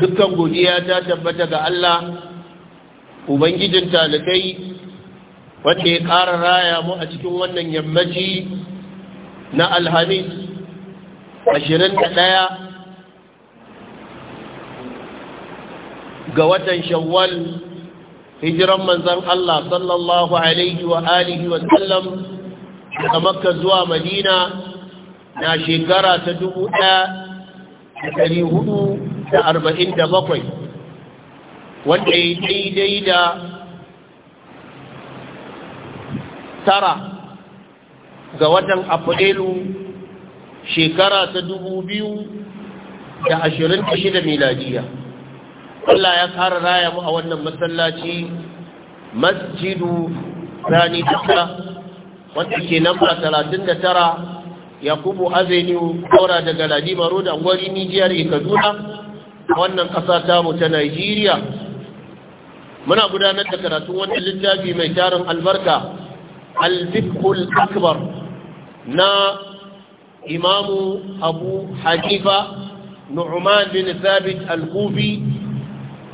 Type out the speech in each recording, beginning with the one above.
dukkan godiya ta tabbata ga Allah ubangijin talakai wanda ya ƙara raya mu a cikin wannan yammaci na alhamis 21 ga watan shawwal hijiran manzan Allah sallallahu alaihi wa alihi wa sallam daga makka zuwa madina na shekara ta dubu ɗaya da hudu da arba'in da bakwai wanda ya daidai da tara ga watan afrilu shekara ta dubu biyu da ashirin da shida miladiya Allah ya kara raya mu a wannan masallaci masjidu rani duka wanda ke namba talatin da tara yakubu avenue daura daga maro da angwari nijiyar kaduna wannan ƙasa tamu ta Najeriya muna gudanar da karatun wannan littafi mai tarin albarka al-fiqhul akbar na imamu abu hanifa nu'man bin thabit al-kufi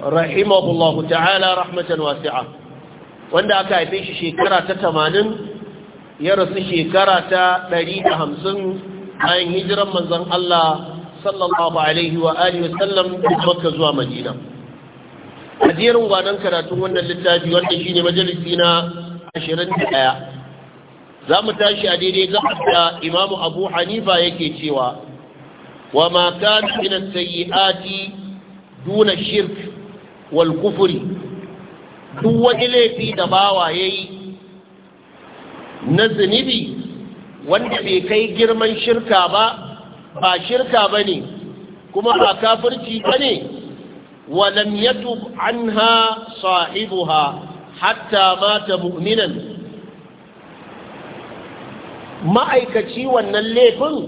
rahimahullahu ta'ala rahmatan wasi'a wanda aka haife shi shekara ta tamanin. ya rasu shekara ta ɗari da hamsin bayan hijiran manzon Allah sallallahu alaihi wa alihi wasallam makka zuwa madina a jerin gwanon karatun wannan littafi wanda shine majalisi na 21 za mu tashi a daidai gabar da imamu abu hanifa yake cewa wa ma kana min sayyiati duna shirk wal kufri duk wani laifi da bawa yayi na zunubi wanda bai kai girman shirka ba ba shirka ba ne kuma ba kafirci ba ne walam ha anha ha, hatta mata mu'minan ma'aikaci wannan laifin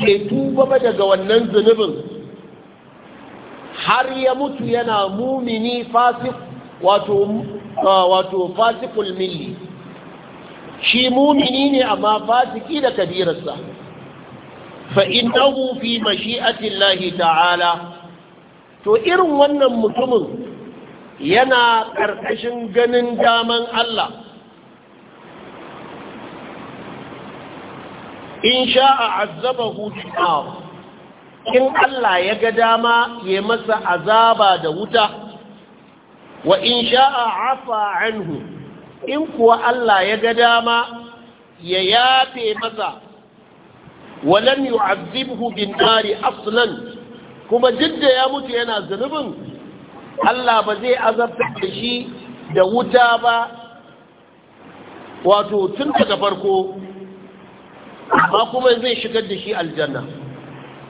ke tuba ba daga wannan zunubin har ya mutu yana mumini fasik wato fasikul milli shi mumini ne amma fasiki da kabirarsa فإنه في مشيئة الله تعالى to irin wannan mutumin yana ƙarƙashin ganin daman Allah in sha'a azabahu nar in Allah ya ga dama ya masa azaba da wuta wa in sha'a afa anhu in kuwa Allah ya ga dama ya yafe masa walam yu'azzibhu bin nari kuma duk ya mutu yana zunubin Allah ba zai azabta da shi da wuta ba wato tun daga farko amma kuma zai shigar da shi aljanna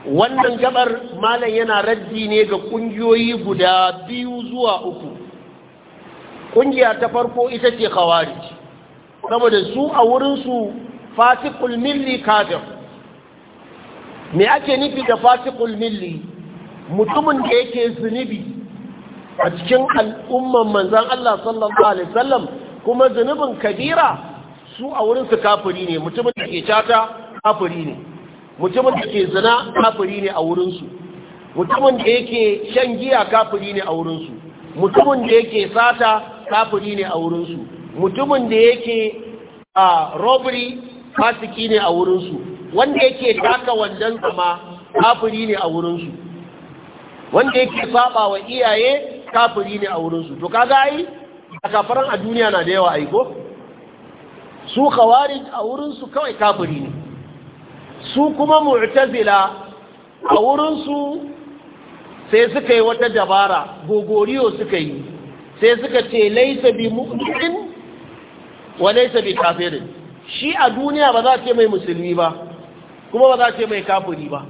wannan gabar malam yana raddi ne ga kungiyoyi guda biyu zuwa uku kungiya ta farko ita ce khawarij saboda su a wurinsu Fati milli kafir me ake nufi da fasikul milli mutumin da yake zunubi a cikin al'umman manzan Allah sallallahu alaihi wasallam kuma zunubin kabira su a wurin su kafiri ne mutumin da ke cata kafiri ne mutumin da ke zina kafiri ne a wurin su mutumin da yake shan giya kafiri ne a wurin su mutumin da yake sata kafiri ne a wurin su mutumin da yake a robbery fasiki ne a wurin su wanda yake taka wandan zama kafiri ne a wurinsu wanda yake saba wa iyaye kafiri ne a wurinsu to kaga ai a kafaran a duniya na da yawa ai ko su khawarij a wurinsu kawai kafiri ne su kuma mu'tazila a wurinsu sai suka yi wata dabara gogoriyo suka yi sai suka ce laisa bi mu'min wa laisa bi kafirin shi a duniya ba za ce mai musulmi ba kuma ba za ce mai kafiri ba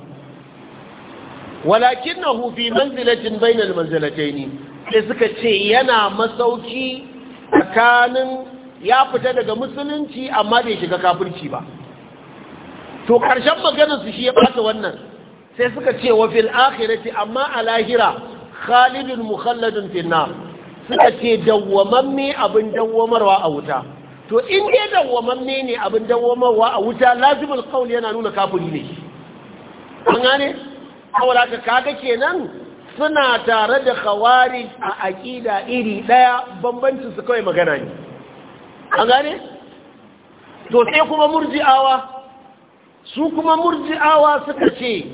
walakin na hufi manzilacin bainar manzilatai ne sai suka ce yana masauki tsakanin ya fita daga musulunci amma bai shiga kafirci ba to ƙarshen su shi ya bata wannan sai suka ce wa fil akhirati amma a lahira khalidun mukhalladun finna suka ce dawwamamme abin dawwamarwa a wuta to in dai dawwamamme ne abin dawwamarwa a wuta lazimul qawl yana nuna kafiri ne an gane kawala ka kaga kenan suna tare da khawari a aqida iri daya bambancin su kawai magana ne an gane to sai kuma murji'awa su kuma murji'awa suka ce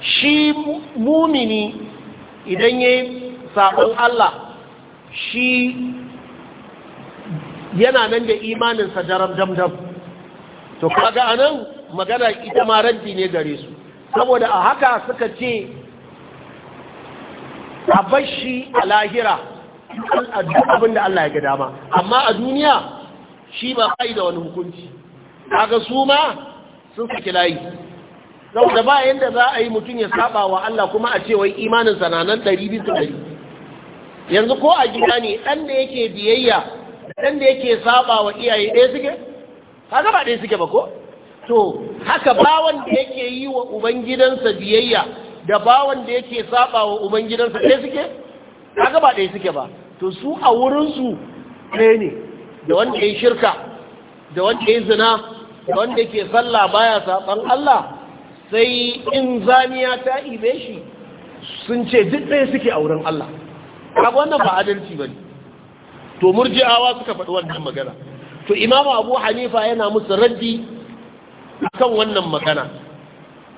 shi mumini idan yayi sabon Allah shi yana nan da imaninsa jaram damdam to kaga anan magana ita ma ranti ne gare su saboda a haka suka ce a bashi a lahira abinda Allah ya ga dama amma a duniya shi ba kai da wani hukunci kaga su ma sun saki layi saboda ba yanda za a yi mutum ya saba wa Allah kuma a ce wai imanin sananan 200 yanzu ko a gida ne ɗan da yake biyayya ɗan da yake saba wa iyaye ɗaya suke Ka gaba ɗaya suke ba ko to haka bawan da yake yi wa ubangidansa biyayya da bawan da yake saba wa ubangidansa ɗaya suke Ka gaba ɗaya suke ba to su a wurinsu ɗaya ne da wanda ya shirka da wanda ya zina da wanda ke sallah baya saɓan Allah sai in zaniya ta ibe shi sun ce duk ɗaya suke a wurin Allah kaga wannan ba adalci ba ne. to murji'awa suka faɗi wannan magana to imamu abu hanifa yana musu raddi akan wannan magana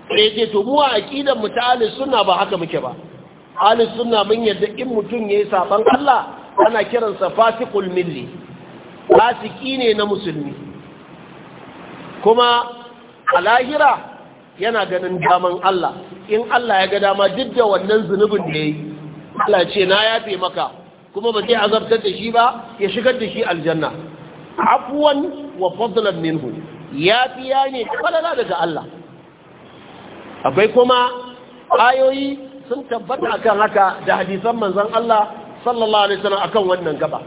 sai ce to mu a aqidan mu ta sunna ba haka muke ba alis sunna mun yadda in mutum yi saban Allah ana kiransa fasiqul milli fasiki ne na musulmi kuma a lahira yana ganin daman Allah in Allah ya ga dama duk da wannan zunubin da yayi Allah ce na yafe maka kuma ba zai azabtar da shi ba ya shigar da shi aljanna afwan wa fadlan minhu ya fiya ne falala daga Allah akwai kuma ayoyi sun tabbata akan haka da hadisan manzon Allah sallallahu alaihi wasallam akan wannan gaba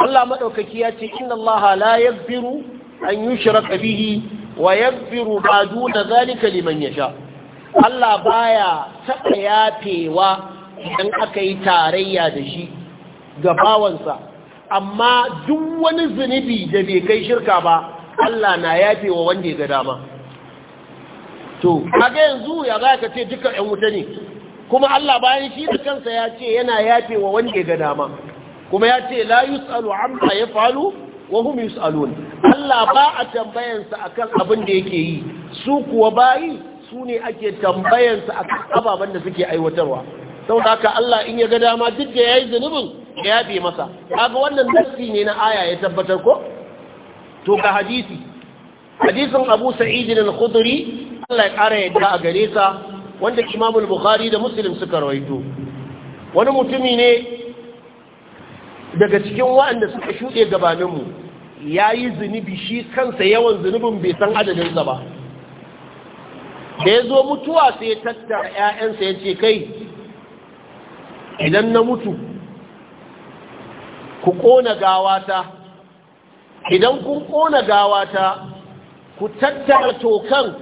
Allah madaukaki ya ce inna Allah la yaghfiru an yushraka bihi wa yaghfiru ma duna zalika liman yasha Allah baya taɓa yafewa idan aka yi tarayya da shi ga bawansa amma duk wani zunubi da bai kai shirka ba Allah na yafe wa wanda ya ga dama to kaga yanzu ya za ka ce dukkan 'yan wuta ne kuma Allah bayan shi da kansa ya ce yana yafe wa wanda ya ga dama kuma ya ce la yus'alu amma falo, wa hum yus'alun Allah ba a tambayansa akan abin da yake yi su kuwa bayi su ne ake tambayansa akan ababen da suke aiwatarwa don haka Allah in ya ga dama duk da ya yi zunubin ya yabe masa kaga wannan nassi ne na aya ya tabbatar ko to ga hadisi hadisin Abu Sa'id al-Khudri Allah ya kara yadda a gare sa wanda Imam al-Bukhari da Muslim suka rawaito wani mutumi ne daga cikin waɗanda suka shuɗe gabanin mu yayi zunubi shi kansa yawan zunubin bai san adadin sa ba da ya zo mutuwa sai ya tattara 'ya'yansa ya ce kai idan na mutu ku ƙona gawata idan kun ƙona gawata ku tattara tokan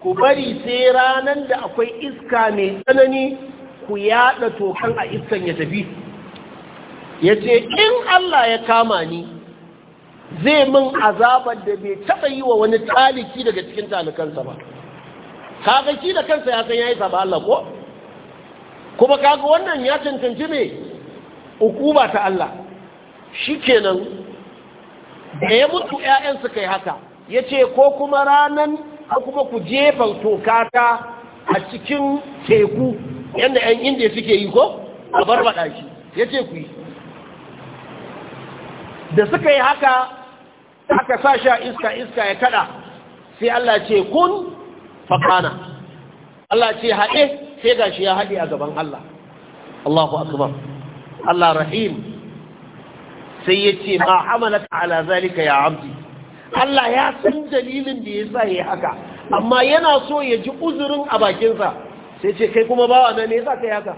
ku bari sai ranar da akwai iska mai tsanani ku yada tokan a iskan ya tafi ya ce in Allah ya kama ni zai min azabar da bai taɓa yi wa wani taliki daga cikin talikansa ba kaga shi da kansa ya san ya yi saba Allah ko? kuma kaga wannan ya cancanci ne hukuma ta Allah Shi shikenan da ya mutu ƴaƴan suka yi haka yace ko kuma ranan ko kuma ku jefa toka ta a cikin teku yanda ƴan inda suke yi ko a barbada shi yace ku yi da suka yi haka aka sa sha iska iska ya kada sai Allah ce kun faqana Allah ce haɗe sai ga shi ya haɗe a gaban Allah Allahu akbar Allah rahim sai ya ce ma amalaka ala zalika ya abdi Allah ya san dalilin da yasa yayi haka amma yana so ya ji uzurin a bakinsa sai ce kai kuma bawa na ne yasa ka haka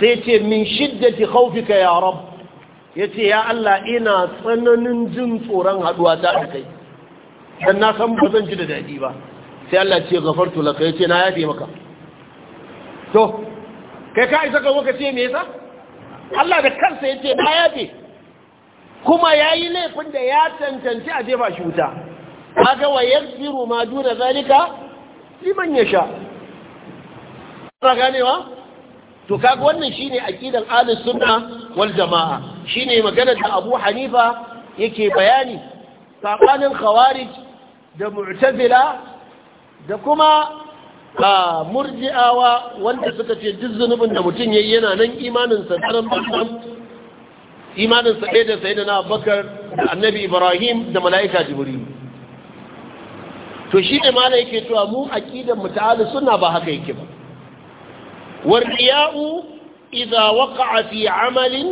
sai ce min shiddati khawfika ya rab yace ya Allah ina tsananin jin tsoron haduwa ta da kai dan na san ba zan ji da dadi ba sai Allah ce gafartu laka yace na yafe maka to kai ka isa ka waka ce me yasa Allah da kansa yace na yafe kuma yayi laifin da ya tantance a jefa shi wuta kaga wa yaghfiru ma duna zalika liman yasha ka wa? to kaga wannan shine aqidan ahlus sunna wal jamaa shine maganar da Abu Hanifa yake bayani sabanin khawarij da mu'tazila da kuma a murji'awa wanda suka ce duk zunubin da mutum yayi yana nan imaninsa tsaron bandan imaninsa ɗaya da sai da na bakar da annabi ibrahim da mala'ika jibril to shi ne ma yake cewa mu aqidan mu ta'ala sunna ba haka yake ba war riya'u idza waqa'a fi 'amalin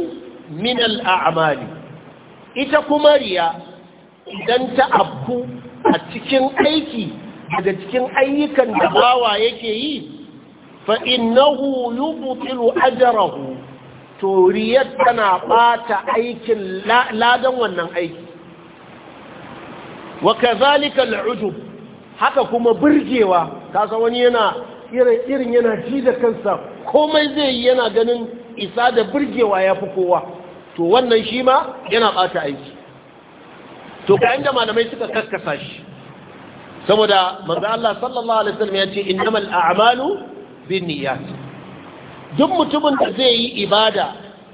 min al-a'mali ita kuma riya idan ta afku a cikin aiki daga cikin ayyukan da bawa yake yi fa innahu yubtilu ajrahu to riyat tana bata aikin ladan wannan aiki wa kazalika al'ujub haka kuma burgewa kasa wani yana irin yana ji da kansa komai zai yi yana ganin isa da burgewa yafi kowa to wannan shi ma yana bata aiki to ga inda malamai suka kakkasa shi saboda manzo Allah sallallahu alaihi wasallam ya ce innamal a'malu binniyat duk mutumin da zai yi ibada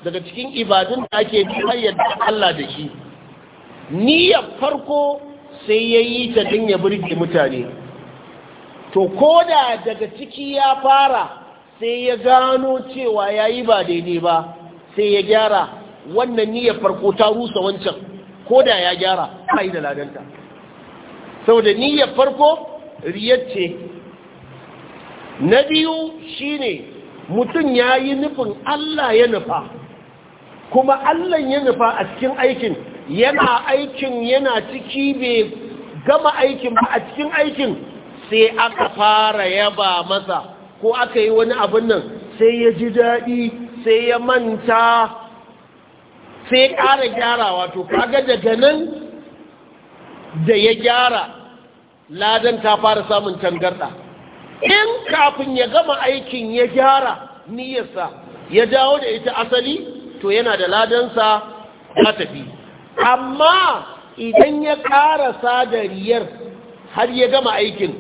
daga cikin ibadun da ake biyar yadda Allah da shi niyyar farko sai yayi ta din ya burge mutane to koda daga ciki ya fara sai ya gano cewa yayi ba daidai ba sai ya gyara wannan niyyar farko ta rusa wancan koda ya gyara kai da ladanta sau saboda niyyar farko riyar ce na biyu shine mutum ya yi nufin Allah ya nufa kuma Allah ya nufa a cikin aikin yana aikin yana ciki bai gama aikin ba a cikin aikin sai aka fara yaba masa ko aka yi wani abin nan sai ya ji daɗi sai ya manta sai ya ƙara gyara wato kaga daga nan da ya gyara ladan ta fara samun tangarɗa in kafin ya gama aikin ya gyara niyarsa ya dawo da ita asali to yana da ladansa ya tafi amma idan ya sa da riyar har ya gama aikin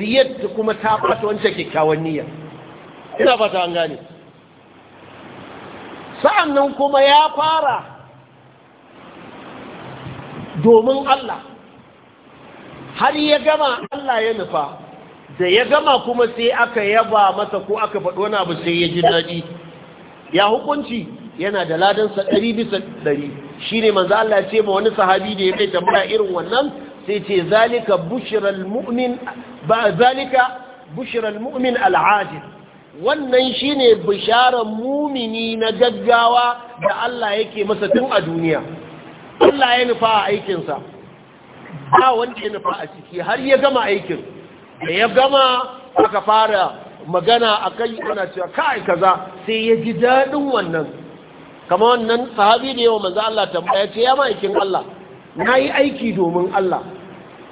riyar ta kuma ta fata wancan kyakkyawan niyyar ina fata an gane sa'annan kuma ya fara domin Allah har ya gama Allah ya nufa da ya gama kuma sai aka yaba masa ko aka faɗo na abu sai ya ji daɗi ya hukunci yana da ladansa ɗari bisa ɗari shi ne manzo Allah ya ce ma wani sahabi da ya kai mura irin wannan sai ce zalika bushral mu'min ba zalika bushral mu'min al'ajil wannan shine bisharar mumini na gaggawa da Allah yake masa tun a duniya Allah ya nufa a aikinsa ba wanda ya nufa a ciki har ya gama aikin da ya gama aka fara magana a kai yana cewa kai kaza sai ya ji daɗin wannan kama wannan sahabi da yawa manzo Allah tambaya ce ya aikin Allah na yi aiki domin Allah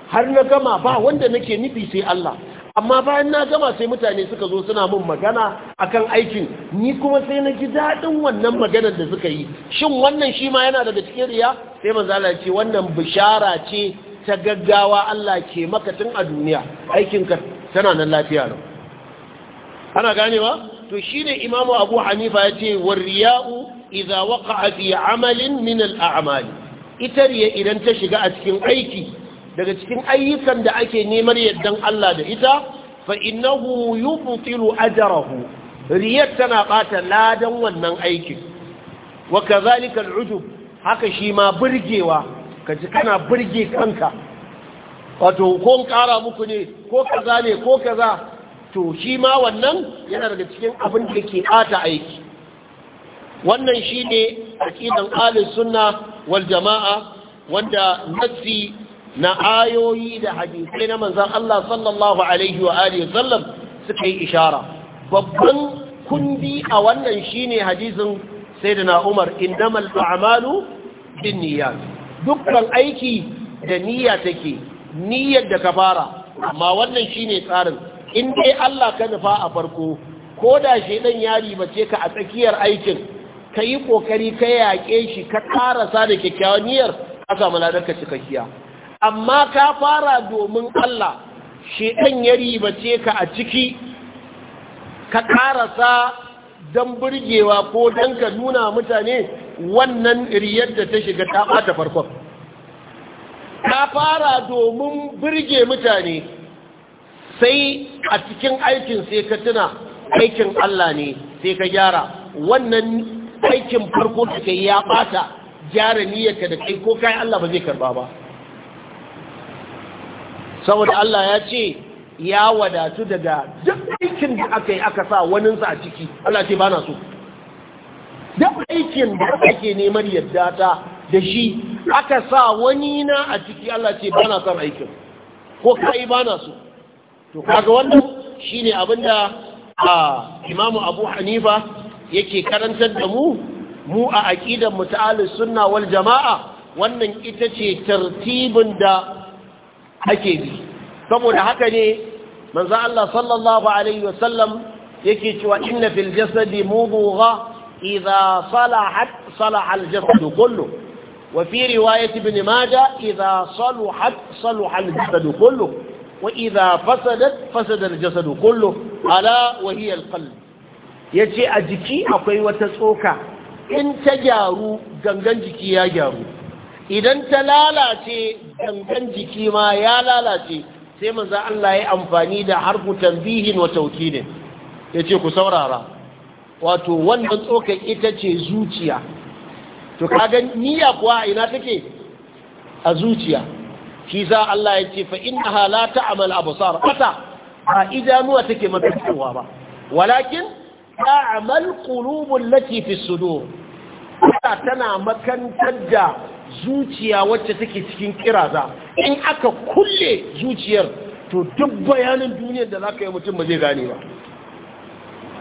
har na gama ba wanda nake nufi sai Allah amma bayan na gama sai mutane suka zo suna min magana akan aikin ni kuma sai na ji daɗin wannan maganar da suka yi shin wannan shi ma yana daga cikin riya sai manzo Allah ya ce wannan bishara ce ta gaggawa Allah ke maka tun a duniya aikinka tana nan lafiya nan ana ganewa to shine imamu abu hanifa ya ce warriya'u idza waqa'a fi amalin min al-a'mal ita riya idan ta shiga a cikin aiki daga cikin ayyukan da ake neman yaddan Allah da ita fa innahu yubtilu ajrahu tana bata ladan wannan aikin wa kadhalika al-ujub haka shi ma burgewa ka ji kana burge kanka wato ko kara muku ne ko kaza ne ko kaza to shi ma wannan yana daga cikin abin da ke ata aiki wannan shi ne aƙidan alin sunna wal jama'a wanda nassi na ayoyi da hadisai na manzan Allah sallallahu alaihi wa alihi sallam suka yi ishara babban kundi a wannan shine hadisin sayyidina Umar innamal a'malu binniyat dukkan aiki da niyya take niyyar da ka fara amma wannan shine tsarin in dai Allah ka nufa a farko ko da shedan yari ribace ka a tsakiyar aikin ka yi kokari ka yaƙe shi ka karasa da kyakkyawan niyyar ka samu ladarka cikakkiya amma ka fara domin Allah shedan ya ribace ka a ciki ka karasa don burgewa ko don ka nuna mutane wannan riyar da ta shiga ta bata farkon ta fara domin burge mutane sai a cikin aikin sai ka tuna aikin Allah ne sai ka gyara wannan aikin farko da ka ya bata gyara niyyarka da kai ko kai Allah ba zai karba ba saboda Allah ya ce ya wadatu daga duk aikin da aka yi aka sa waninsa a ciki Allah ce ba na so duk aikin da ake neman yadda ta da shi aka sa wani na a ciki Allah ce ba na son aikin ko kai ba na so to kaga wannan shine abinda a imamu abu hanifa yake karantar da mu mu a aqidar mu sunna wal jama'a wannan ita ce tartibin da ake bi saboda haka ne manzo Allah sallallahu alaihi wasallam yake cewa inna fil jasadi mudugha idha salahat salaha al jasad kullu wa fi riwayat ibn majah idha saluhat salaha al jasad kullu wa idha fasadat fasada al jasad kullu ala wa hiya al qalb yace a jiki akwai wata tsoka in ta gyaru gangan jiki ya gyaru idan ta lalace gangan jiki ma ya lalace sai manza Allah ya amfani da harfu tanbihin wa taukidin yace ku saurara wato wanda tsokan ita ce zuciya to kaga niyya kuwa ina take a zuciya shi za Allah ya ce fa innaha la ta'mal absar ata ba idanuwa take magancewa ba walakin ta'mal qulubul lati fi sudur tana makantar da zuciya wacce take cikin kiraza in aka kulle zuciyar to duk bayanin duniyar da zaka yi mutum ba zai gane ba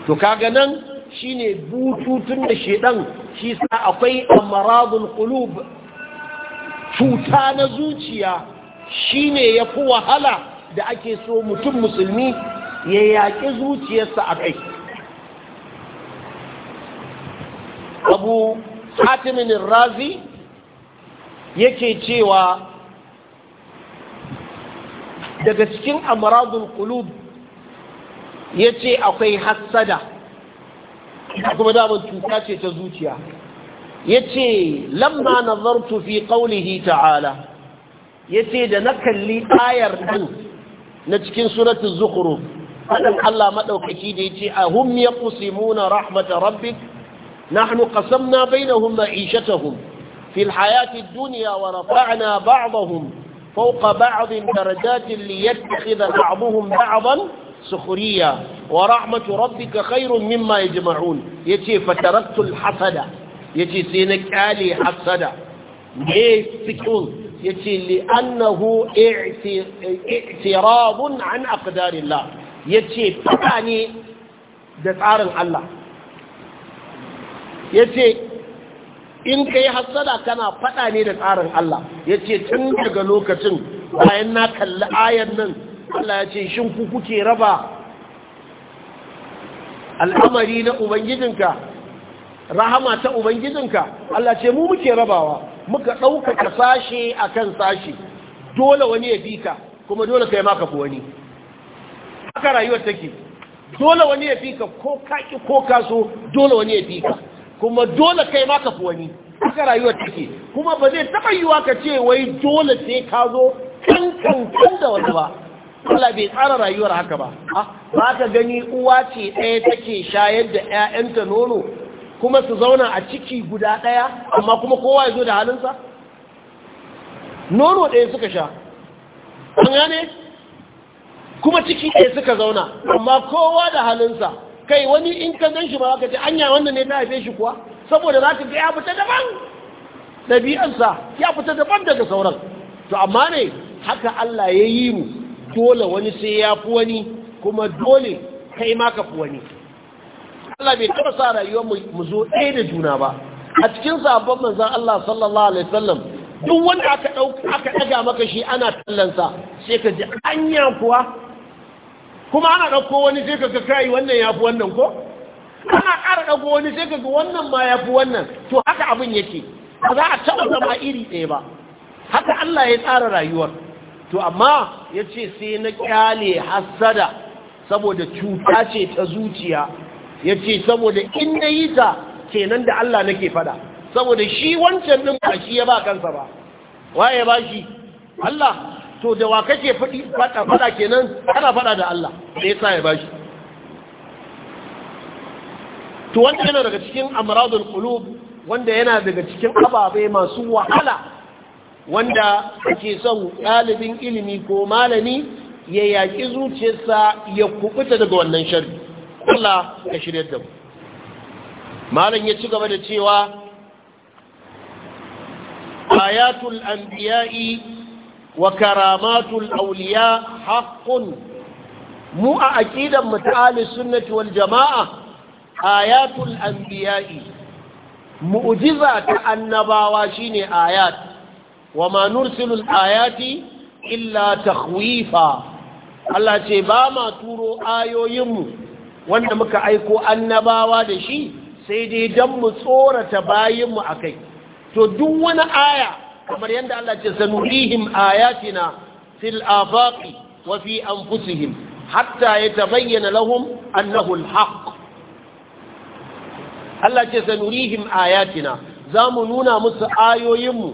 to kaga nan shi ne bututun da shedan shi sa akwai amradul kulub. cuta na zuciya shi ne ya fi wahala da ake so mutum musulmi ya yaƙi zuciyarsa a kai abu hatimin razi yake cewa daga cikin amaradul qulub yace akwai hassada kuma damar cuta ce ta zuciya yace lamma nazartu fi qawlihi ta'ala yace da na kalli ayar nan na cikin suratul zukuru, fadan Allah maɗaukaci da yace ahum yaqsimuna rahmat rabbik nahnu qasamna bainahum ma'ishatahum في الحياة الدنيا ورفعنا بعضهم فوق بعض درجات ليتخذ بعضهم بعضا سخريا ورحمة ربك خير مما يجمعون يتي فتركت الحسد يتي سينك آلي حسد ليه يتي لأنه اعتراض عن أقدار الله يتي فتاني دفعار الله يتي in ka yi hassada kana faɗa ne da tsarin Allah ya ce tun daga lokacin bayan na kalli ayan nan Allah ya ce shin ku kuke raba al'amari na ubangijinka rahama ta ubangijinka Allah ce mu muke rabawa muka ɗaukaka sashe a kan sashe dole wani ya fi ka kuma dole kai maka fi wani haka rayuwar take dole wani ya fi ka ko ka ko ka dole wani ya fi ka kuma dole kai ma ka fi wani haka rayuwa take kuma ba zai taɓa yiwa ka ce wai dole sai ka zo kankan da wani ba Allah bai tsara rayuwar haka ba ah, ba ka gani uwa ce ɗaya take shayar da 'ya'yanta nono kuma su zauna a ciki guda ɗaya amma kuma kowa ya zo da halinsa nono ɗaya suka sha an gane kuma ciki ɗaya suka zauna amma kowa da halinsa kai wani in ka gan shi ba ka ce anya wannan ne ta haife shi kuwa saboda za ka ga ya fita daban ɗabi'arsa ya fita daban daga sauran to amma ne haka Allah ya yi mu dole wani sai ya fi wani kuma dole kai ma ka fi wani Allah bai taɓa sa rayuwar mu zo ɗaya da juna ba a cikin sabon manzon Allah sallallahu alaihi wasallam duk wanda aka aka ɗaga maka shi ana tallansa sai ka ji anya kuwa kuma ana ɗauko wani sai kaga kai wannan ya fi wannan ko ana ƙara ɗauko wani sai kaga wannan ma ya fi wannan to haka abin yake ba za a taɓa zama iri ɗaya ba haka Allah ya tsara rayuwar to amma ya ce sai na ƙyale hassada saboda cuta ce ta zuciya ya ce saboda in na yi ta kenan da Allah nake faɗa saboda shi wancan ɗin ba shi ya ba kansa ba waye ba shi Allah to da wa kake faɗi faɗa kenan kana faɗa da Allah sai ya bashi to wanda yana daga cikin amradul qulub wanda yana daga cikin ababe masu wahala wanda ake son ɗalibin ilimi ko malami ya yaƙi zuciyarsa ya kubuta daga wannan sharri Allah ya shirye da mu malam ya ci gaba da cewa ayatul anbiya'i wa karamatul auliya haqqun mu a aqidan mutali sunnati wal jama'a ayatul anbiya'i mu'jiza ta annabawa shine ayat wa ma nursilu ayati illa takhwifa Allah ce ba ma turo ayoyinmu wanda muka aiko annabawa da shi sai dai dan mu tsorata bayinmu akai to duk wani aya kamar yadda Allah ce sanurihim ayatina fil afaqi wa fi anfusihim hatta yatabayyana lahum annahu alhaq Allah ce sanurihim ayatina zamu nuna musu ayoyinmu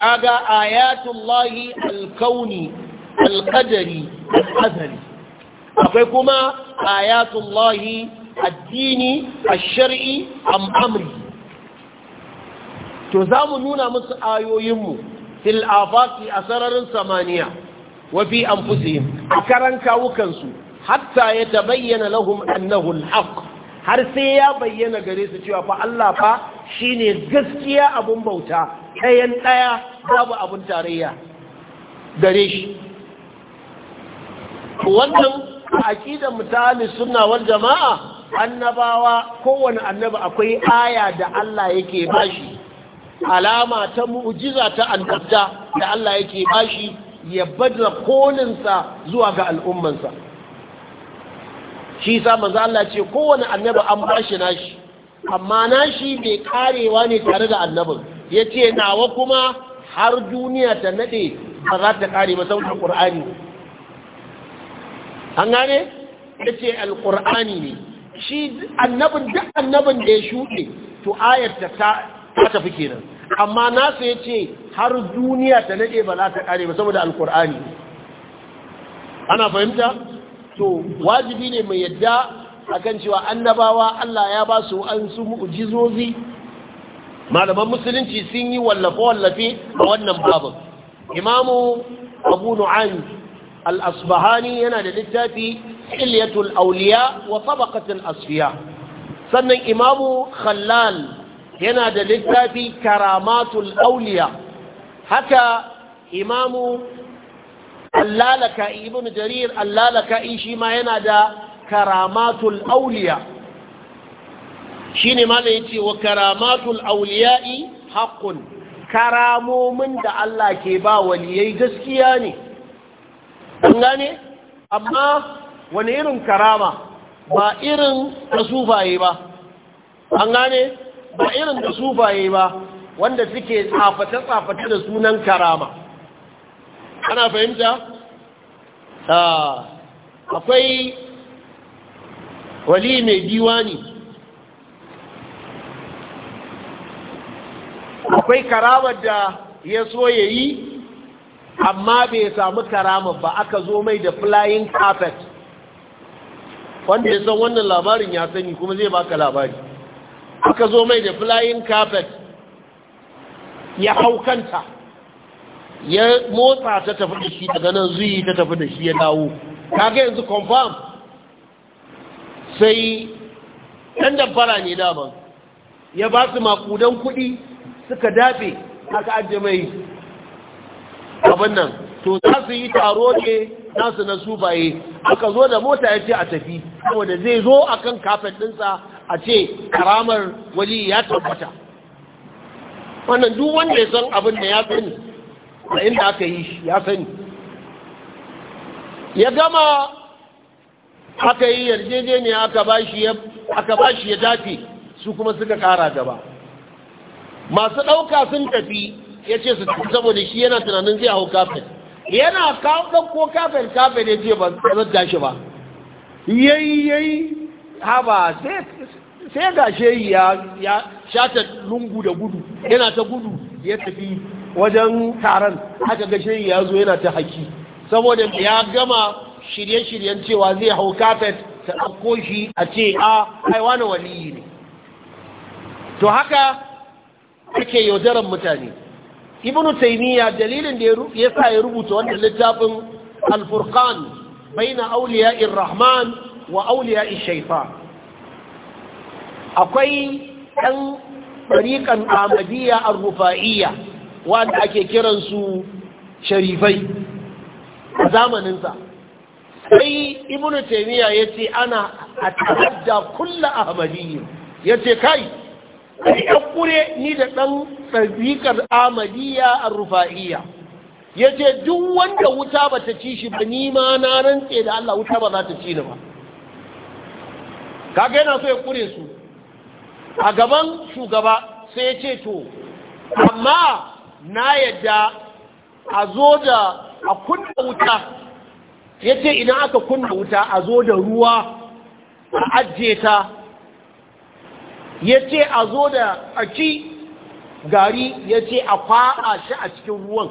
aga ayatullahi alkauni alqadari alazali akwai kuma ayatullahi addini ash-shar'i am amri to za mu nuna musu ayoyinmu fil afaqi a sararin samaniya wa fi anfusihim a karan kawukansu hatta ya bayyana lahum annahu al-haq har sai ya bayyana gare su cewa fa Allah fa shine gaskiya abun bauta ɗayan ɗaya babu abun tarayya gare shi wannan aqidar mutane sunna wal jama'a annabawa kowane annaba akwai aya da Allah yake bashi alama ta mu'jiza ta annabta da Allah yake bashi ya badra koninsa zuwa ga al'ummansa shi sa manzo Allah ce kowane annabi an bashi nashi amma nashi bai karewa ne tare da annabin yace nawa kuma har duniya ta nade ba za ta kare ba saboda Qur'ani an gane yace alqur'ani ne shi annabin duk annabin da ya shuɗe to ayar ta ta tafi kenan amma nasa ya ce har duniya ta nade ba za ta kare ba saboda alkur'ani ana fahimta to wajibi ne mai yadda akan cewa annabawa Allah ya ba su an su mu'jizozi malaman musulunci sun yi wallafe-wallafe a wannan babin imamu abu nu'an al-asbahani yana da littafi hilyatul auliya wa tabaqatul asfiya sannan imamu khallal yana da littafi karamatul auliya haka imamu allalaka ibn jarir allalaka shi ma yana da karamatul auliya shine mana ce wa karamatul auliya'i haqqun karamomin da Allah ke ba waliyai gaskiya ne kun gane amma wani irin karama ba irin kasufaye ba an gane ba irin da sufaye ba wanda suke tsafata-tsafata da sunan karama ana fahimta? Ah, akwai wali mai ne. akwai karamar da ya so ya yi amma bai samu karama ba aka zo mai da flying carpet wanda ya san wannan labarin ya sani kuma zai baka labari aka zo mai da flying carpet ya hau kanta ya motsa ta tafi da shi daga nan zuyi ta tafi da shi ya dawo kaga yanzu confirm sai ɗan dabbara ne daban ya ba su makudan kuɗi suka dafe aka ajiye mai abin nan to za su yi taro ne nasu na sufaye aka zo da mota ya ce a tafi saboda zai zo akan kafet ɗinsa a ce karamar wali ya tabbata wannan duk wanda ya san abin da ya sani da inda aka yi ya sani ya gama aka yi yarjejeniya aka ba shi ya dafi su kuma suka kara gaba masu ɗauka sun tafi ya ce su saboda shi yana tunanin zai hau kafin yana ɗauko kafin kafin ya ce ba zai tashi ba yayi yayi haba sai ga ya shata lungu da gudu yana ta gudu ya tafi wajen taron haka ga ya zo yana ta haki saboda ya gama shirye-shiryen cewa zai hau kafet ta ɗauko shi a ce a haiwa na waliyi ne to haka ake yaudaran mutane ibnu taimiyya dalilin da ya sa ya rubuta wannan littafin alfurkan bai na auliya irrahman wa auliya shaifa akwai ɗan ɗariƙan ahmadiyya a rufa'iyya wanda ake kiransu sharifai a zamaninsa sai Ibn taimiyya ya ce ana a ta'adda kulla ahmadiyya ya ce kai ɗan ƙure ni da ɗan ɗariƙar ahmadiyya a rufa'iyya ya ce duk wanda wuta ba ta ci shi ba ni ma na rantse da Allah wuta ba za ta ci ni ba kaga yana so ya kure su a gaban shugaba sai ya ce to amma na yadda a zo da a kunna wuta ya ce idan aka kunna wuta a zo da ruwa a ajiye ta ya ce a zo da a ci gari ya ce a kwa'a shi a cikin ruwan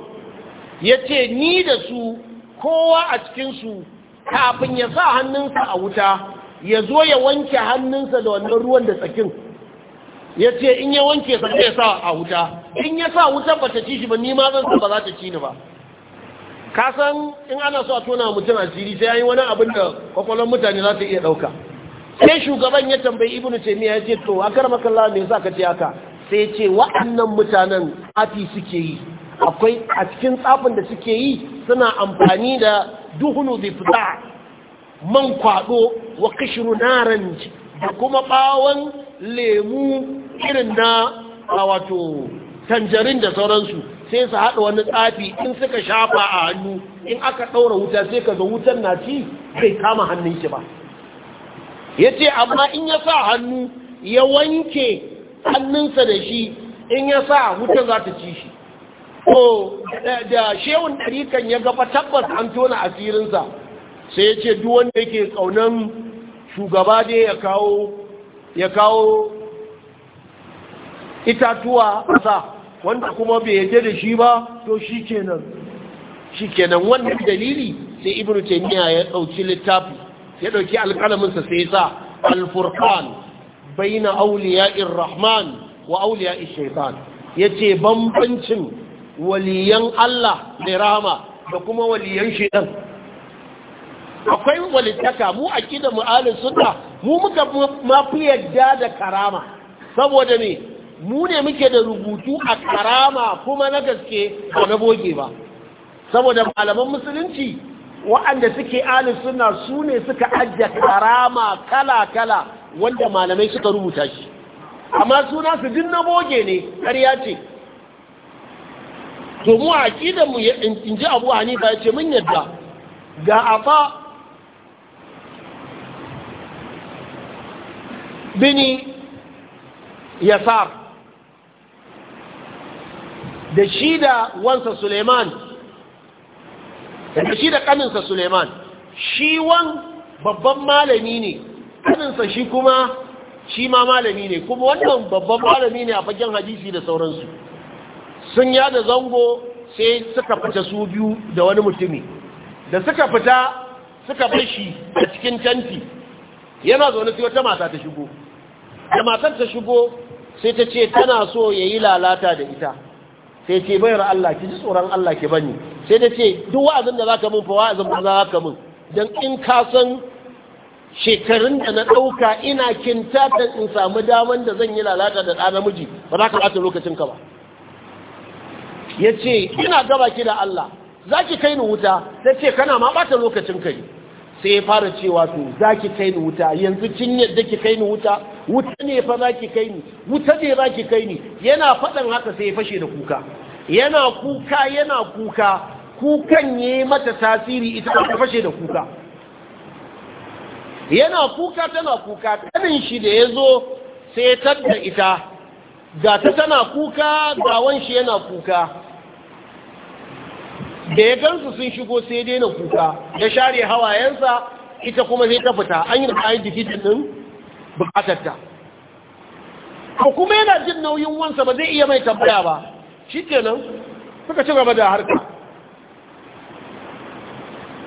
ya ce ni da su kowa a cikinsu kafin ya sa hannunsa a wuta ya zo ya wanke hannunsa da wannan ruwan da tsakin ya ce in ya wanke sa zai sa a wuta in ya sa wuta ba ta ci shi ba ni ma zan ba za ta ci ni ba ka san in ana so a tona mutum asiri sai yayi wani abin da kwakwalon mutane za ta iya ɗauka sai shugaban ya tambayi ibnu taymiya ya ce to akar makalla me yasa ka ce haka sai ya ce wa'annan mutanen afi suke yi akwai a cikin tsafin da suke yi suna amfani da duhunu bi fita man kwado wa kashiru naranji da kuma bawon lemu irin na wato tanjarin da sauransu sai su haɗa wani tsafi in suka shafa a hannu in aka ɗaura wuta sai ka ga wutan na ci bai kama hannunki ba ya ce amma in ya sa hannu ya wanke hannunsa da shi in ya sa wutar za ta ci shi ko da shewun ɗarikan ya gaba tabbas an tona asirinsa sai ya ce duk wanda yake kaunan shugaba dai ya kawo ya kawo itatuwa ƙasa wanda kuma bai yadda da shi ba to shi kenan shi wannan dalili sai ibnu taymiya ya dauki littafi ya dauki alƙalaminsa sai ya sa al-furqan baina awliya'ir rahman wa awliya'ir shaytan yace bambancin waliyan Allah da rahama da kuma waliyan shaytan akwai walittaka mu aqida mu ahlus sunna mu muka mafi fi yadda da karama saboda ne mu ne muke da rubutu a karama kuma na gaske ba na boge ba saboda malaman musulunci waɗanda suke alin sunna su ne suka ajja karama kala kala wanda malamai suka rubuta shi amma suna su din na boge ne ƙarya ce to mu a mu in ji Abu Hanifa ya ce mun yadda ga afa bini yasar da shi da wansa suleiman da shi da kaninsa suleiman shi wan babban malami ne kaninsa shi kuma shi ma malami ne kuma wannan babban malami ne a fagen hadisi da sauransu sun yada zango sai suka fita su biyu da wani mutumi da suka fita suka bashi a cikin tanti yana zaune sai wata mata ta shigo da matar ta shigo sai ta ce tana so ya yi lalata da ita sai ce bayar Allah ki ji tsoron Allah ki bani sai ta ce duk wa'azin da za ka mun fa wa'azin ba za ka mun dan in ka san shekarun da na ɗauka ina kintatan in samu daman da zan yi lalata da ɗa namiji ba za ka ɓata lokacin ka ba ya ce ina gaba ki da Allah za ki kai ni wuta ta ce kana ma ɓata lokacin kai. sai ya fara cewa to za ki kai ni wuta yanzu kin yadda ki kai ni wuta wuta ne fa za ki kai ni wuta ne za ki kai ni yana faɗan haka sai ya fashe da kuka yana kuka yana kuka kukan ya mata tasiri ita ta fashe da kuka yana kuka tana kuka kanin shi da ya zo sai ya tadda ita ga ta tana kuka ga wanshi yana kuka da ya gansu sun shigo sai daina kuka ya share hawayensa ita kuma zai ta fita an yi da kayan jikin ɗin bukatarta ko kuma yana jin nauyin wansa ba zai iya mai tambaya ba shi kenan suka ci gaba da harka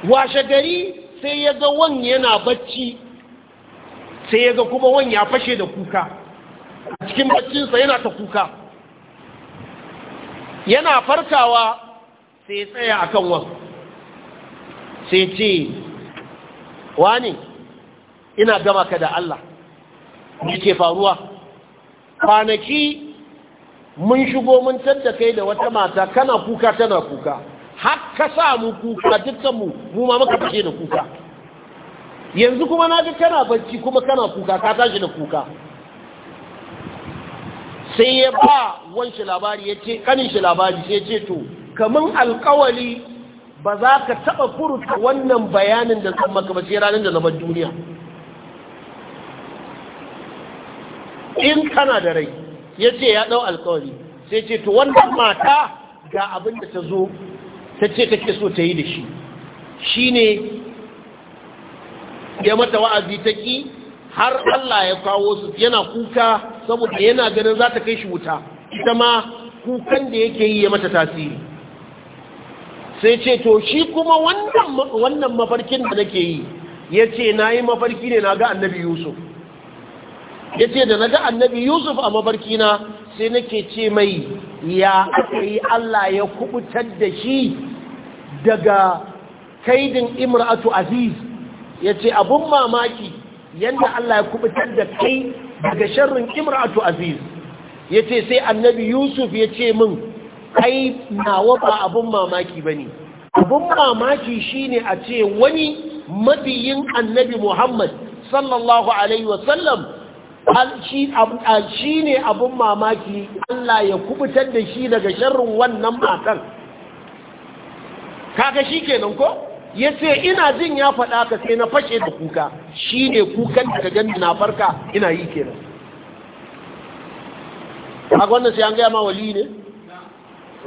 washe gari sai ya ga wan yana bacci sai ya ga kuma wan ya fashe da kuka a cikin baccinsa yana ta kuka yana farkawa sai tsaya kan wasu sai ce wani ina gama ka da Allah yake faruwa kwanaki mun shigo mun tadda kai da wata mata kana kuka tana kuka har ka sa mu kuka dukkanmu mu ma muka fashe da kuka yanzu kuma na ji kana bacci kuma kana kuka ka tashi da kuka sai ya ba wanshi labari ya ce kanin shi labari sai ce to kaman alkawali ba za ka taɓa furta wannan bayanin da kuma kama bace ranar da zaman duniya in kana da rai ya ce ya ɗau alkawali sai ce to wannan mata ga abin da ta zo ta ce take so ta yi da shi shi ne ya mata wa'azi ta ƙi har Allah ya kawo su yana kuka saboda yana ganin za ta kai shi wuta ita ma kukan da yake yi ya mata tasiri sai ce to shi kuma wannan mafarkin da nake yi ya ce na yi mafarki ne na ga annabi yusuf ya ce da na ga annabi yusuf a mafarkina sai nake ce mai ya aka yi allah ya kubutar da shi daga kaidin imratu aziz ya ce abun mamaki yadda allah ya kubutar da kai daga sharrin imratu aziz ya ce sai annabi yusuf ya ce min ai nawa ba abun mamaki ba ne abun mamaki shine a ce wani mabiyin annabi muhammad sallallahu alaihi wasallam shi ne abun mamaki allah ya kubutar da shi daga sharrin wannan matan kaka shi kenan ko ya ce ina jin ya faɗa ka sai na fashe da kuka shi ne kukan da gani na farka ina yi kenan a wannan sai an gaya ma wali ne eh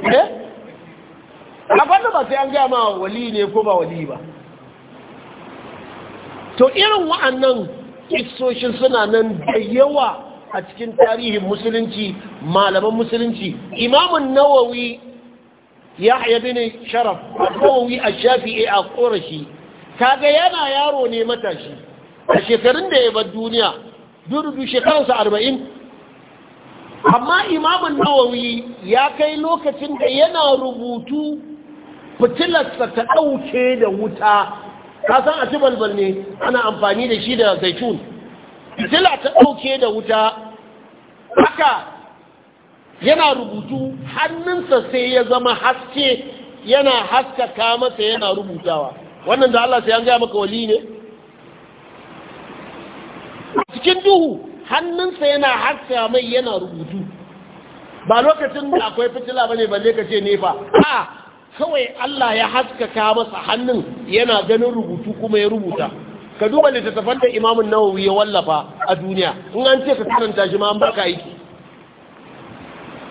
abin ba sai an gaya ma wali ne ko ba wali ba to irin wa'annan kissoshin suna nan da yawa a cikin tarihin musulunci malaman musulunci imamun nawawi yahya ne sharaf nawawi a shafi'i a korashi, kaga yana yaro ne matashi a shekarun da ya bar duniya durudu shekarunsa arba'in amma imamun nawawi ya kai lokacin da yana rubutu fitilarsa ta ɗauke da wuta san a balbal ne ana amfani da shi da zaitun fitila ta ɗauke da wuta haka yana rubutu hannunsa sai ya zama haske yana haskaka masa yana rubutawa wannan da Allah sai an gaya maka wali ne cikin duhu hannunsa yana haska mai yana rubutu ba lokacin da akwai fitila bane balle ka ce fa. a kawai Allah ya haskaka masa hannun yana ganin rubutu kuma ya rubuta ka duba littattafan da imamun nawawi ya wallafa a duniya in an ce ka karanta shi ma an baka aiki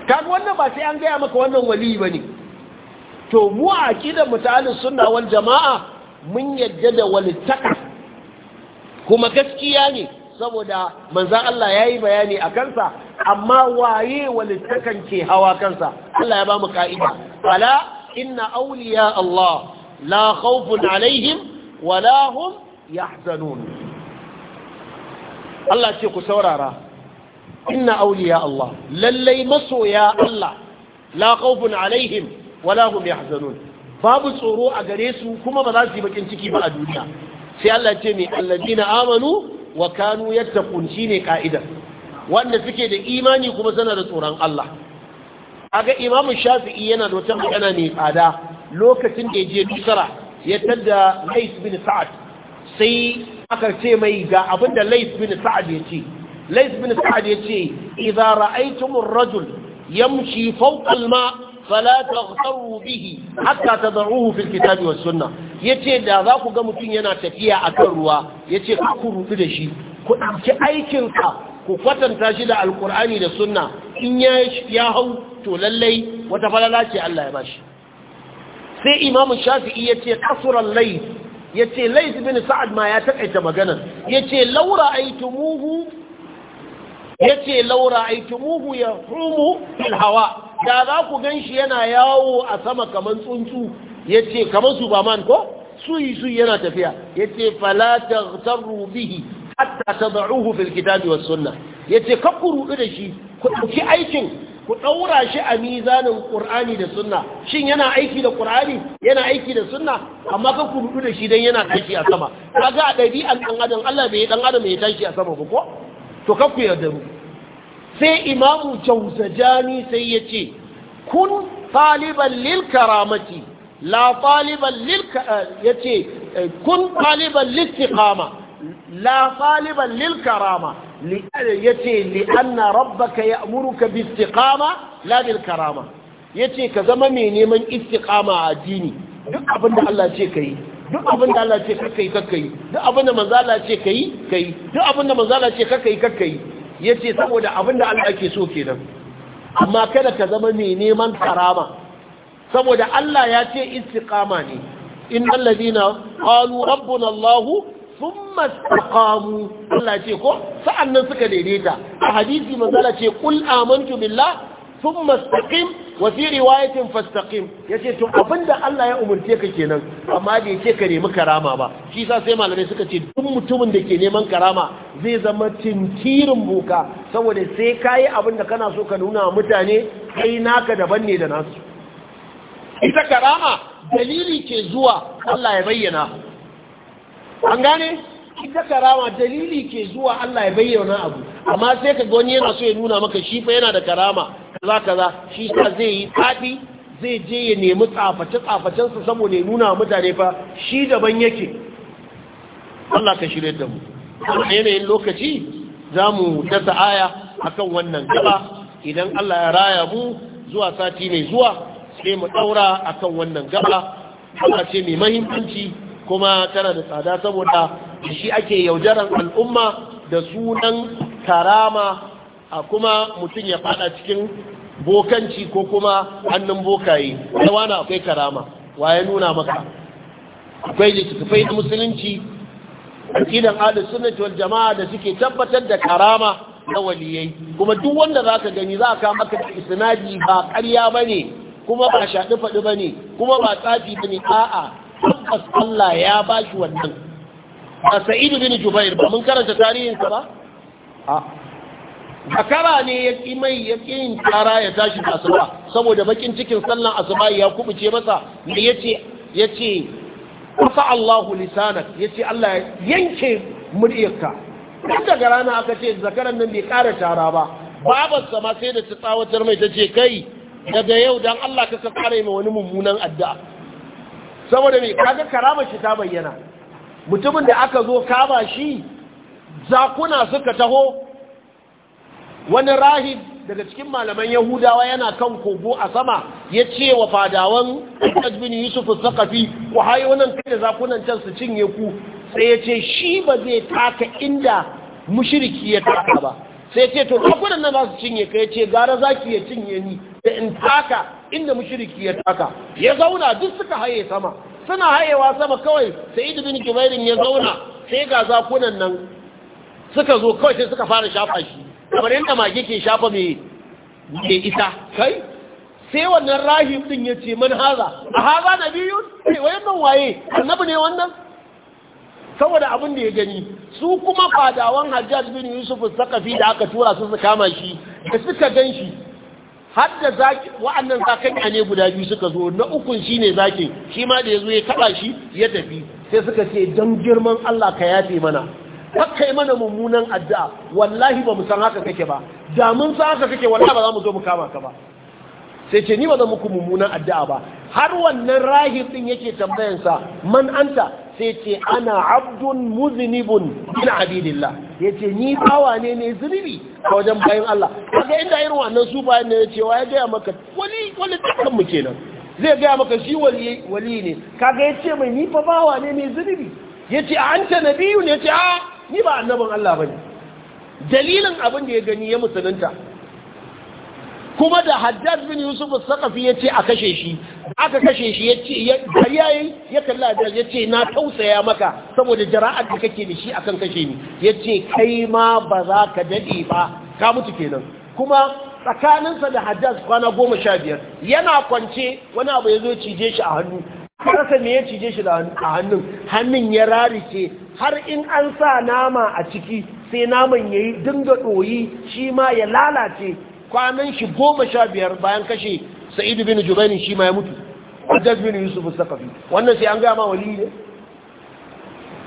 kaga wannan ba sai an gaya maka wannan wali ba ne to mu a kidan mutalin sunna wal jama'a mun yadda da walittaka kuma gaskiya ne saboda manzan Allah ya yi bayani a kansa amma waye walittakan ke hawa kansa Allah ya ba mu ka'ida fala inna auliya Allah la khawfun alaihim wala hum yahzanun Allah ce ku saurara inna auliya Allah lallai masoya Allah la khawfun alaihim wala hum yahzanun babu tsoro a gare su kuma ba za su yi bakin ciki ba a duniya sai Allah ce mai alladina amanu wa kanu yattaqun shine ka'idar wanda suke da imani kuma suna da tsoron Allah aga Imam Shafi'i yana da wata magana mai tsada lokacin da yaje Misra ya tada Lais bin Sa'ad sai aka ce mai ga abinda Lais bin Sa'ad ya ce Lais bin Sa'ad ya ce idza mun rajul yamshi fawqa al-ma' fala taghtaru bihi hatta tad'uhu fil kitabi was yace da za ku ga mutum yana tafiya akan ruwa yace ku rubu da shi ku dauki aikin ka ku kwatanta shi da alqur'ani da sunna in ya ya hau to lallai wata falala ce Allah ya bashi sai imamu shafi'i yace qasral layl yace lays bin sa'ad ma ya takaita magana yace laura aitumuhu yace laura aitumuhu rumu fil hawa da za ku gan shi yana yawo a sama kamar tsuntsu ya ce kamar man ko suyi suyi yana tafiya ya ce falatar tarru bihi hatta ta za'uhu fil kitabi sunna ya ce kakku rudu da shi ku ɗauki aikin ku ɗaura shi a mizanin ƙur'ani da sunna shin yana aiki da ƙur'ani yana aiki da sunna amma kan ku rudu da shi don yana tashi a sama kaga a ɗabi'an ɗan adam Allah bai ɗan adam ya tashi a sama ba ko to kakku yarda mu sai imamu jauzajani sai ya ce kun taliban lil karamati la taliban lil eh, ya ce eh, kun taliban listiqama la taliban lil karama ya ce li'anna rabbaka ya'muruka bi istiqama la bil karama ya ce ka zama mai neman istiqama a addini duk abin da Allah ce ka yi duk abin da Allah ce kakka kai duk abin da manzala ce ka yi duk abin da manzala ce kakka kai kakka yi ya ce saboda abinda Allah ke so kenan amma kada ka zama mai neman karama saboda Allah ya ce istiqama ne in allazina qalu rabbuna Allah sun istaqamu Allah ce ko sa'annan suka daidaita a hadisi matsala ce qul amantu billah sun istaqim wa fi riwayatin fastaqim yace to abinda Allah ya umurce ka kenan amma bai ce ka nemi karama ba shi sa sai malamai suka ce duk mutumin da ke neman karama zai zama tintirin boka saboda sai kai abinda kana so ka nuna wa mutane kai naka daban ne da nasu ita karama dalili ke zuwa Allah ya bayyana an gane ita karama dalili ke zuwa Allah ya bayyana abu amma sai ka wani yana so ya nuna maka shi fa yana da karama kaza kaza shi sa zai yi tsafi zai je ya nemi tsaface tsafacen su saboda ya nuna mutane fa shi daban yake Allah ka shirye da mu a yanayin lokaci za mu dasa aya akan wannan gaba idan Allah ya raya mu zuwa sati mai zuwa sai mu daura akan wannan gaba Allah ce mai mahimmanci kuma tana da tsada saboda da shi ake yaujaran al'umma da sunan karama a kuma mutum ya fada cikin bokanci ko kuma hannun bokaye wani akwai karama waye nuna maka akwai littattafai na musulunci akidan ahlus sunnati wal jama'a da suke tabbatar da karama na waliyai kuma duk wanda zaka gani za ka maka isnadi ba ba ne kuma ba shaɗi faɗi bane kuma ba tsafi bane a'a tabbas Allah ya bashi wannan a sa'idu bin jubair ba mun karanta tarihinsa ba a zakara ne ya ƙi mai ya yin tara ya tashi da asuba saboda bakin cikin sallan asuba ya kubuce masa ne yace yace kafa Allahu lisanak yace Allah ya yanke muryarka duk daga rana aka ce zakarar nan bai ƙara tara ba babarsa ma sai da ta tsawatar mai ta ce kai daga yau dan Allah ka ka ƙara mai wani mummunan addu'a saboda me kaga karama shi ta bayyana mutumin da aka zo kama shi zakuna suka taho wani rahib daga cikin malaman yahudawa yana kan kogo a sama ya ce wa fadawan ajbin yusuf sakafi ku hayo nan kai da zakunan can su cinye ku sai ya ce shi ba zai taka inda mushiriki ya taka ba sai ce to zakunan nan za su cinye ka ya ce gara zaki ya cinye ni da in taka inda mushiriki ya taka ya zauna duk suka haye sama suna hayewa sama kawai sai bin jubairin ya zauna sai ga zakunan nan suka zo kawai sai suka fara shafa shi kamar yadda mage ke shafa mai ita kai sai wannan rahim din ya ce man haza a haza na biyu sai eh, wayan nan waye annabi ne wannan saboda abin da ya gani su kuma fadawan hajjaj bin yusuf sakafi da aka tura su su kama shi da suka gan shi har da zaki wa'annan zakanya ne guda biyu suka zo na ukun shine zakin shi ma da yazo ya taba shi ya tafi sai suka ce dan girman Allah ka yafe mana haka mana mummunan addu'a wallahi ba mu san haka kake ba da mun san haka kake wallahi ba za mu zo mu kama ka ba sai ce ni ba zan muku mummunan addu'a ba har wannan rahib din yake tambayansa man anta sai ce ana abdun muzinibun ina abidillah ya ce ni bawa ne ne zunubi a wajen bayan Allah kaga inda irin wannan su bayan ne ya ce wa ya gaya maka wali wali dukkan mu kenan zai gaya maka shi wali ne kaga ya ce mai ni fa bawa ne ne zunubi ya ce a anta nabiyu ne ya ce a ni ba annabin Allah bane dalilin abin da ya gani ya musulunta kuma da haddad bin yusuf al-saqafi yace a kashe shi aka kashe shi yace yayi ya kalla haddad yace na tausaya maka saboda jara'ar da kake da shi akan kashe ni yace kai ma ba za ka dade ba ka mutu kenan kuma tsakaninsa da haddad kwana goma sha biyar yana kwance wani abu ya zo cije shi a hannu kasa me ya cije shi a hannun hannun ya rarice har in an sa nama a ciki sai naman ya yi dinga ɗoyi shi ma ya lalace kwanan shi goma sha biyar bayan kashe sa'idu bin jubaini shi ma ya mutu ajaz bin yusuf sakafi wannan sai an ma wali ne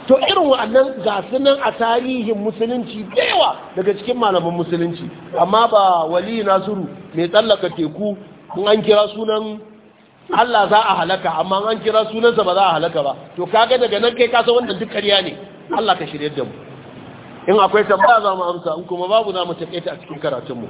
to irin wannan ga nan a tarihin musulunci yawa daga cikin malaman musulunci amma ba wali nasiru mai tsallaka teku in an kira sunan Allah za a halaka amma an kira sunansa ba za a halaka ba to kaga daga nan kai ka san wannan duk ƙarya ne Allah ka shirye da mu in akwai tambaya za mu amsa kuma babu za mu ta a cikin karatunmu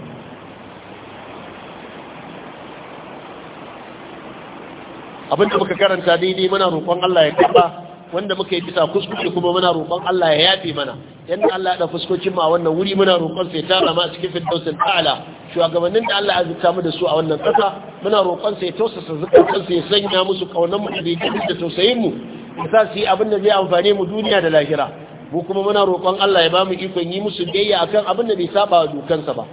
abinda muka karanta daidai muna roƙon Allah ya karba wanda muka yi bisa kuskure kuma muna roƙon Allah ya yafe mana yanda Allah ya da fuskocin mu a wannan wuri muna roƙon sai ta rama cikin firdausin ta'ala shugabannin da Allah ya azurta mu da su a wannan ƙasa muna roƙon sai tausasa zakatun sai sanya musu kaunan mu da tausayin mu sa su yi abin da zai amfane mu duniya da lahira mu kuma muna roƙon Allah ya ba mu ikon yi musu biyayya akan abin da bai saba wa ba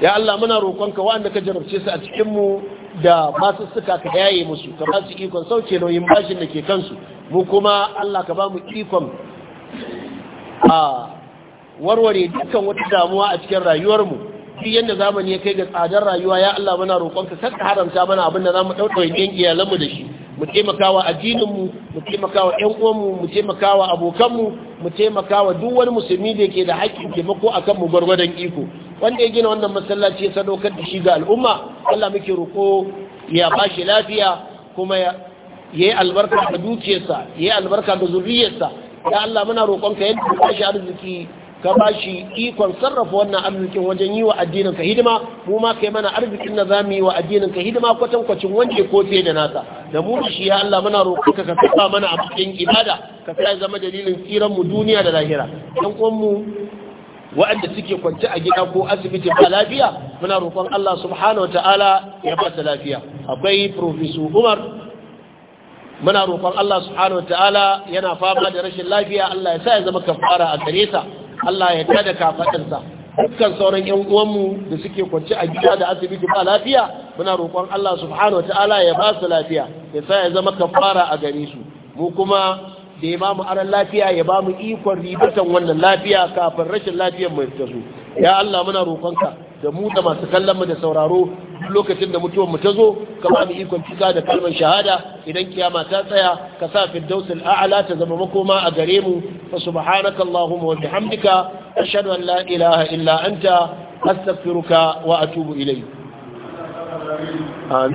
ya Allah muna roƙonka wanda ka jarabce su a cikin mu da masu suka ka yaye musu ka ba su ikon sauke nauyin bashin da ke kansu mu kuma Allah ka ba mu ikon a warware dukkan wata damuwa a cikin rayuwarmu duk yadda zamani ya kai ga tsadar rayuwa ya Allah muna roƙonka kar ka haramta mana abin da zamu ɗaukar yan iyalanmu da shi mu taimakawa addininmu mu taimakawa ƴan uwanmu mu taimakawa abokanmu mu taimakawa duk wani musulmi da ke da haƙƙin taimako akan mu gwargwadon iko wanda ya gina wannan masallaci ya sadaukar da shi ga al'umma Allah muke roƙo ya bashi lafiya kuma ya yi albarka da dukiyarsa ya yi albarka da zuriyarsa ya Allah muna roƙonka yadda ka shi arziki ka bashi ikon sarrafa wannan arzikin wajen yi wa addininka hidima mu ma kai mana arzikin na za mu yi wa addininka hidima kwacin wanda ko fiye da nasa da mu shi ya Allah muna roƙonka ka kafa mana a cikin ibada ka sa zama dalilin tsiran mu duniya da lahira dan uwan mu waɗanda suke kwance a gida ko asibiti ba lafiya muna roƙon Allah subhanahu ta'ala ya ba su lafiya akwai professor Umar muna roƙon Allah subhanahu ta'ala yana fama da rashin lafiya Allah ya sa ya zama kafara a gare sa Allah ya tada kafadarsa dukkan sauran ƴan uwanmu da suke kwance a gida da asibiti ba lafiya muna roƙon Allah subhanahu ta'ala ya ba su lafiya ya sa ya zama kafara a gare su mu kuma da ya bamu aran lafiya ya bamu ikon ribatan wannan lafiya kafin rashin lafiyar mu ta zo ya Allah muna roƙonka da mu da masu kallon mu da sauraro lokacin da mutuwar mu ta zo ka ba mu ikon cika da kalmar shahada idan kiyama ta tsaya ka sa firdausul a'la ta zama makoma a gare mu fa subhanaka allahumma wa bihamdika ashhadu an la ilaha illa anta astaghfiruka wa atubu ilayk